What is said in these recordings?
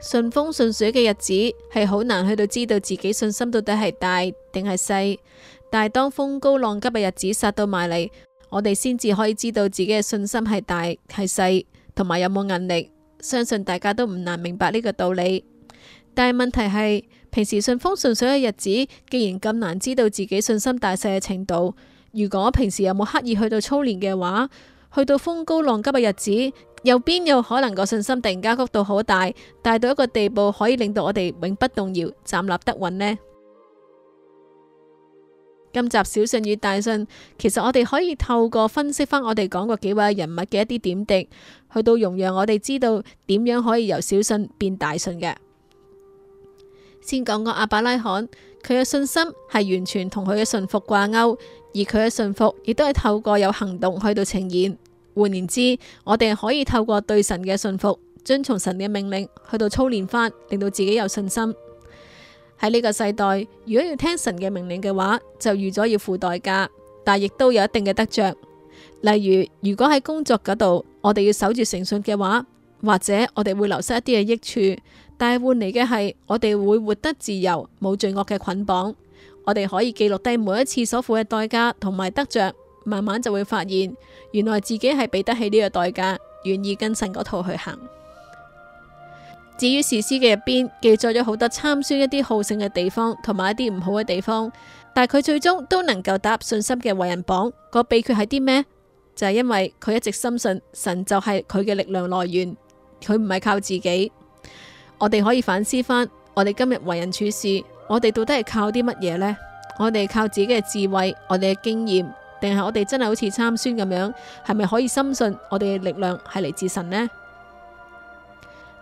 順風順水嘅日子係好難去到知道自己信心到底係大定係細，但係當風高浪急嘅日子殺到埋嚟，我哋先至可以知道自己嘅信心係大係細，同埋有冇毅力。相信大家都唔難明白呢個道理，但係問題係平時順風順水嘅日子，既然咁難知道自己信心大細嘅程度，如果平時有冇刻意去到操練嘅話，去到風高浪急嘅日子。又邊有可能個信心突然加幅到好大，大到一個地步可以令到我哋永不動搖，站立得穩呢？今集小信與大信，其實我哋可以透過分析翻我哋講過幾位人物嘅一啲點滴，去到容讓我哋知道點樣可以由小信變大信嘅。先講講亞伯拉罕，佢嘅信心係完全同佢嘅信服掛鈎，而佢嘅信服亦都係透過有行動去到呈現。換言之，我哋可以透過對神嘅信服，遵從神嘅命令，去到操練返，令到自己有信心。喺呢個世代，如果要聽神嘅命令嘅話，就預咗要付代價，但亦都有一定嘅得着。例如，如果喺工作嗰度，我哋要守住誠信嘅話，或者我哋會流失一啲嘅益處，但係換嚟嘅係我哋會活得自由，冇罪惡嘅捆綁。我哋可以記錄低每一次所付嘅代價同埋得着。慢慢就會發現，原來自己係俾得起呢個代價，願意跟神嗰套去行。至於史詩嘅入邊記載咗好多參孫一啲好勝嘅地方，同埋一啲唔好嘅地方，但佢最終都能夠搭信心嘅為人榜。個秘訣係啲咩？就係因為佢一直深信神就係佢嘅力量來源，佢唔係靠自己。我哋可以反思翻，我哋今日為人處事，我哋到底係靠啲乜嘢呢？我哋靠自己嘅智慧，我哋嘅經驗。定係我哋真係好似參孫咁樣，係咪可以深信我哋嘅力量係嚟自神呢？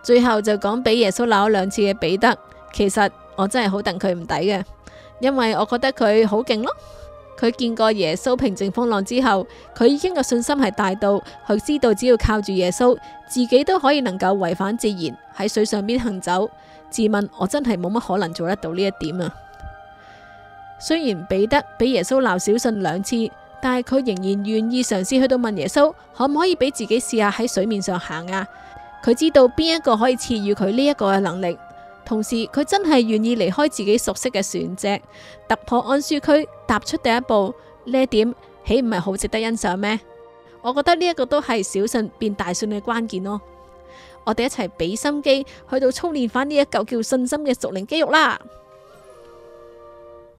最後就講俾耶穌鬧咗兩次嘅彼得，其實我真係好戥佢唔抵嘅，因為我覺得佢好勁咯。佢見過耶穌平靜風浪之後，佢已經嘅信心係大到，佢知道只要靠住耶穌，自己都可以能夠違反自然喺水上邊行走。自問我真係冇乜可能做得到呢一點啊。雖然彼得俾耶穌鬧小信兩次。但係佢仍然願意嘗試去到問耶穌，可唔可以俾自己試下喺水面上行啊？佢知道邊一個可以賜予佢呢一個嘅能力，同時佢真係願意離開自己熟悉嘅船隻，突破安舒區，踏出第一步。呢一點豈唔係好值得欣賞咩？我覺得呢一個都係小信變大信嘅關鍵咯。我哋一齊俾心機去到操練返呢一嚿叫信心嘅熟練肌肉啦！